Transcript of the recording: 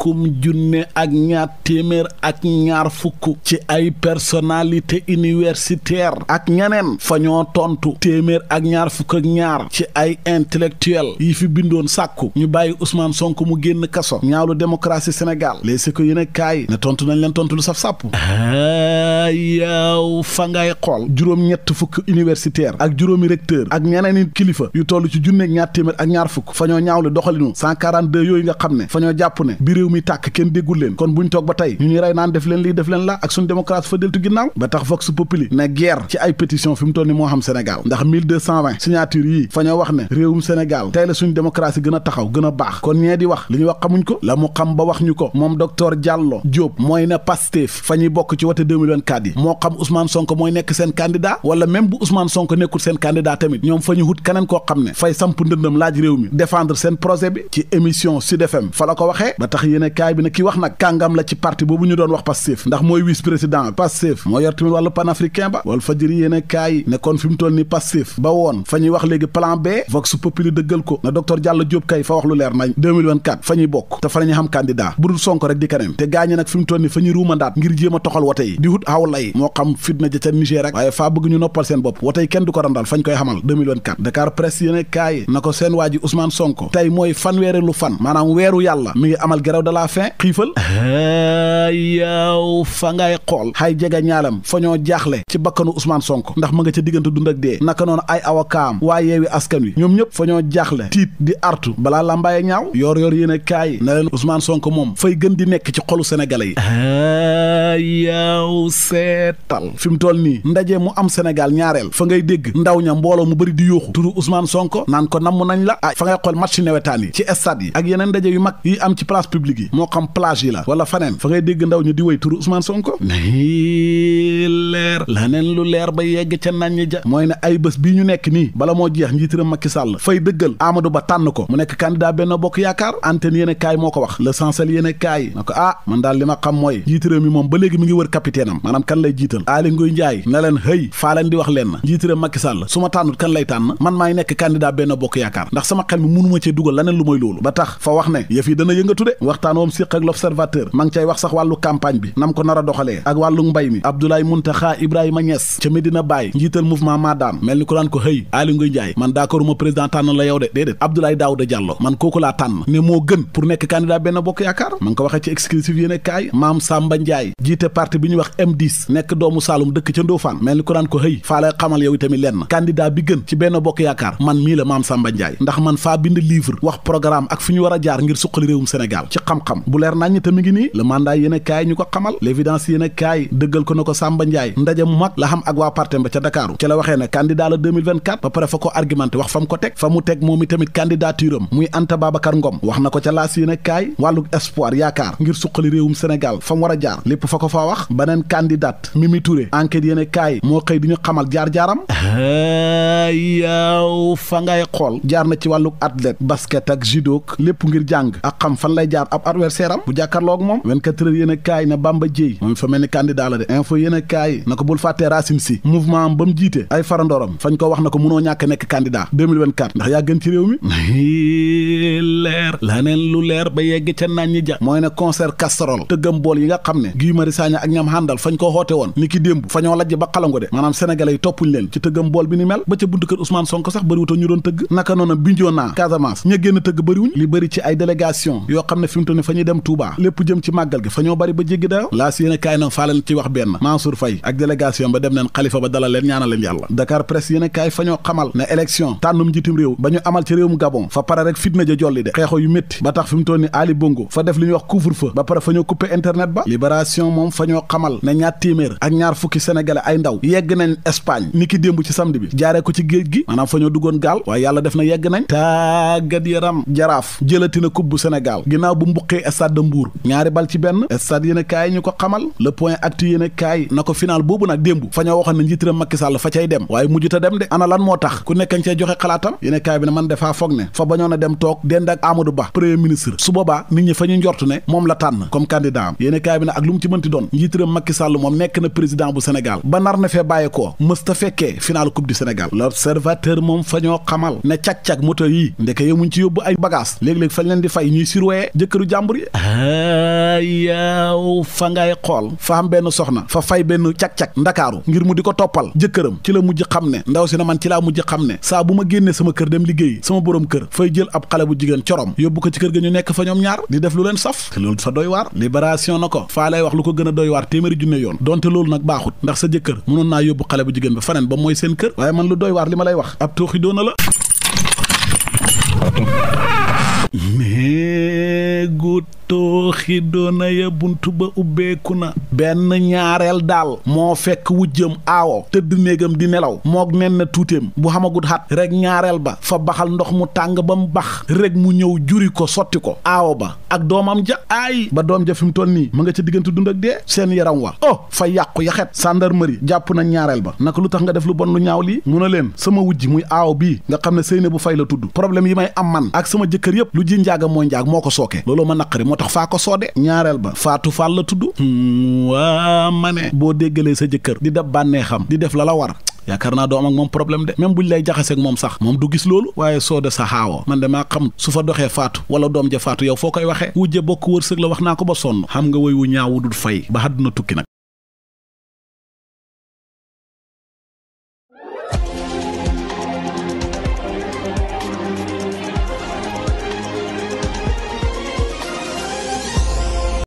kum junne ak ñaar téeméer ak ñaar fukk ci ay personnalité universitaire ak ñeneen fañoo tontu téeméer ak ñaar fukk ak ñaar ci ay intellectuel yi fi bindoon sàkku ñu bàyyi Ousmane sonk mu génn kaso ñaawlu démocratie Sénégal les ko yéen a kaay ne tontu nañ leen tontu lu saf sàpp yaaw fa ngay xool juróom ñett fukk universitaire ak juróomi recteur ak yi kilifa yu toll ci junne ñaar téeméer ak ñaar fukk fa ñoo ñaawlu yooyu nga xam ne mi tàkk kenn déggul leen kon buñ toog ba tey ñu ñuy rey naan def leen lii def leen la ak suñu démocratie fa deltu ginnaaw ba tax vox populi ne guerre ci ay pétition fi mu toll ni moo xam Sénégal ndax 1220 yii fa ñoo wax ne réewum Sénégal tey la suñu démocratie gën a taxaw gën a baax kon ñee di wax li ñu wax xamuñ ko la mu xam ba wax ñu ko moom docteur Diallo Diop mooy ne Pastef fa ñuy bokk ci wote 2024 yi moo xam Ousmane Sonko mooy nekk seen projet bi ci émission na docteur Diallo Diop kay fa wax lu leer nañ 2024 fa bokk te fa lañu xam candidat bu Sonko rek di keneen te gaañe nag fi mu ni fa ñuy ruumandaat ngir jéem toxal wote yi di hut aw lay moo xam fitna ja ca Niger rek waaye faa bëgg ñu noppal seen bopp wote yi kenn du ko randal fañ koy xamal 2024 Dakar Presse yéene kaay na ko seen waa ji Sonko tey mooy fanweere lu fan maanaam weeru yàlla mi ngi amal gerew de la faim xiifal yaaw fa ngay xool xay jega ñaalam fa ñoo jaaxle ci bakkanu usmaan sonk ndax ma nga ca diggante dund ak dee naka noonu ay awakaam waa yeewi askan wi ñoom ñëpp fa ñoo jaaxle tiit di artu balaa làmbaay ñaaw yoor yor yéen a kaay na leen Ousmane Sonko moom fay gën di nekk ci xolu sénégalais yi yaaw seetal fi mu toll nii ndaje mu am Sénégal ñaareel fa ngay dégg ndaw ña mbooloo mu bari di yuuxu turu Ousmane Sonko naan ko namm nañ la ah fa ngay xool match newetaan yi ci stade yi ak yu mag yi am ci gi moo xam plage yi la wala faneen fa ngay dégg ndaw ñu di way turu Ousmane Sonko nay leer laneen lu leer ba yegg ca naññi ja mooy ne ay bés bii ñu nekk nii bala moo jeex njiitiram Macky Sall fay dëggal Amadou Ba tànn ko mu nekk candidat Benno Bokk Yaakaar antenne yéen moo ko wax l'essentiel yéen kaay na ko ah man daal li ma xam mooy njiitiram mi moom ba léegi mi ngi wër capitaine am maanaam kan lay jiital Aly Ngouille Ndiaye na leen hëy faa leen di wax leen na njiitiram Macky Sall su ma tànnut kan lay tànn man maay nekk candidat Benno Bokk Yaakaar ndax sama xel mi mënuma cee dugal laneen lu mooy loolu ba tax fa wax ne yëf yi dana waxtaan woom siq ak l'observateur ma ngi cay wax sax wàllu campagne bi nam ko nar a doxalee ak wàllu mbay mi Abdoulaye Mountakha Ibrahima Niass ca Medina Baye njiital mouvement Madame mel ni ko naan man d'accord ma président tànn laa tànn ne moo gën pour nekk candidat benn bokk yaakaar ma ngi ko waxee ci exclusif yéen kaay Maam Samba Ndiaye jiite parti bi ñuy wax m nekk doomu Saalum dëkk ca Ndofaan mel ni ko naan ko xëy faa lay xamal yow itamit lenn candidat bi gën ci benn bokk yaakaar man mii la Maam Samba Ndiaye ndax man faa bind livre wax programme ak fi ñu war a jaar ngir suqali réewum Sénégal ci xam xam-xam bu leer nañ te mi ngi nii le mandat yéen a kaay ñu ko xamal l'évidence yéen a kaay dëggal ko na ko Samba Ndiaye ndaje mu mag la xam ak waa partem ba ca Dakaaru ca la waxee ne la ba pare fa ko argumenté wax fa ko teg fa mu teg moom i tamit candidature muy Anta Babacar Ngom wax na ko ca laas yéen a espoir yaakaar ngir suqali réewum Sénégal fa war a jaar lépp fa ko faa wax beneen candidate Mimi Touré enquête yéen a moo xëy di ab adversaire am bu jàkkaarloo moom 24 heures yéen a kaay na Bamba Dièye moom fa mel ni candidat la de info yéen a kaay na ko bul fàttee Racine Sy mouvement am ba mu jiite ay farandoram fañ ko wax na ko munoo ñàkk nekk candidat 2024 ndax yaa gën ci réew mi leer la neen lu leer ba yegg ca naan ñi ja mooy ne concert casserole tëggam bool yi nga xam ne Guy Marius Sagna ak ñam àndal fañ ko xoote woon ni ki démb fa ñoo lajj ba xalangu de maanaam sénégalais yi toppuñ leen ci tëggam bool bi ay délégation yoo xam xamante ne fa ñuy dem Touba lépp jëm ci màggal gi fa ñoo bari ba jéggi dayo laas yéen a faa leen ci wax benn Mansour Faye ak délégation ba dem neen xalifa ba dalal leen ñaanal leen yàlla Dakar presse yéen a fa ñoo xamal ne élection tànnum njiitum réew ba ñu amal ci réewum Gabon fa pare rek fitna ja jolli de xeexo yu métti ba tax fi mu toll ni fa def li ñuy wax couvre-feu ba pare fa ñoo coupé internet ba libération moom fa ñoo xamal ko ci géej gi maanaam na yegg buqee stade de Mbour ñaari a kaay a kaay na ko final boobu nag démb fa ñoo waxoon ne njiitiram Macky Sall fa cay dem waaye mujj ta dem de a a dem moom la tànn comme candidat am a kaay bi ne ak lu mu ci mënti doon njiitiram Macky moom nekk na président bu Sénégal ba nar na fee bàyyi ko mës ta fekkee final coupe du Sénégal l'observateur moom fa xamal ne cag-cag moto yi ndeke yomuñ ci yóbbu ay bagage léeg-léeg fañ leen di fay ñuy surwee jëkkëru jàmbur yi yaaw fa ngay xool fa am benn soxna fa fay benn cag-cag ndakaaru ngir mu di ko toppal jëkkëram ci la mujj xam ne ndaw si na man ci laa mujj xam ne saa bu ma génnee sama kër dem liggéey sama borom kër fay jël ab xale bu jigéen coroom yóbbu ko ci kër ga ñu nekk fa ñoom ñaar di def lu leen saf loolu sa doy waar libération na ko faa lay wax lu ko gën a doy waar téeméeri junne yoon donte loolu nag baaxut ndax sa jëkkër mënoon naa yóbbu xale bu jigéen ba faneen ba mooy seen kër waaye man lu doy waar li ma lay wax ab tooxi doona la gusto tooxi doona ya bunt ba ubbeeku na benn ñaareel daal moo fekk wujjam aawo tëdd néegam di nelaw moog nen na tuuteem bu xamagut xat rek ñaareel ba fa baxal ndox mu tàng ba mu bax rek mu ñëw juri ko sotti ko aawo ba ak doomam ja aay ba doom ja fi mu toll nii ma nga ca diggante dund ak dee seen yaram wa oh fa yàqu yaxet gendarmerie jàpp na ñaareel ba naka lu tax nga def lu bon lu ñaaw lii mu ne leen sama wujj muy aaw bii nga xam ne sëy ne bu fay la tudd problème yi may am man ak sama jëkkër yépp lu ji njaaga mooy moo ko sooke soode ñaareel ba faatu Fall la tudd waa ma ne boo déggalee sa jëkkër di def bànnee xam di def la la war yaakaar naa doo am ak moom problème de même buñ lay jaxaseeg moom sax moom du gis loolu waaye soo de sa xaawoo man de maa xam su fa doxee faatu wala doom ja faatu yow foo koy waxee wujje bokk wërsëg la wax naa ko ba sonn xam nga woy wu ñaaw dul fay ba na tukki nag